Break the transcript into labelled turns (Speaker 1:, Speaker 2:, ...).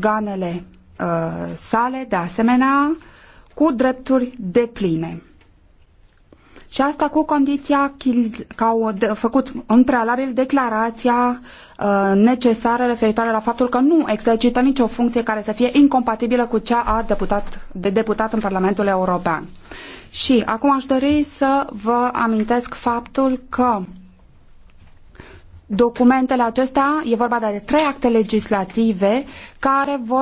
Speaker 1: organele uh, sale, de asemenea, cu drepturi depline. Și asta cu condiția că au făcut în prealabil declarația uh, necesară referitoare la faptul că nu exercită nicio funcție care să fie incompatibilă cu cea a deputat, de deputat în Parlamentul European. Și acum aș dori să vă amintesc faptul că documentele acestea, e vorba de trei acte legislative care
Speaker 2: vor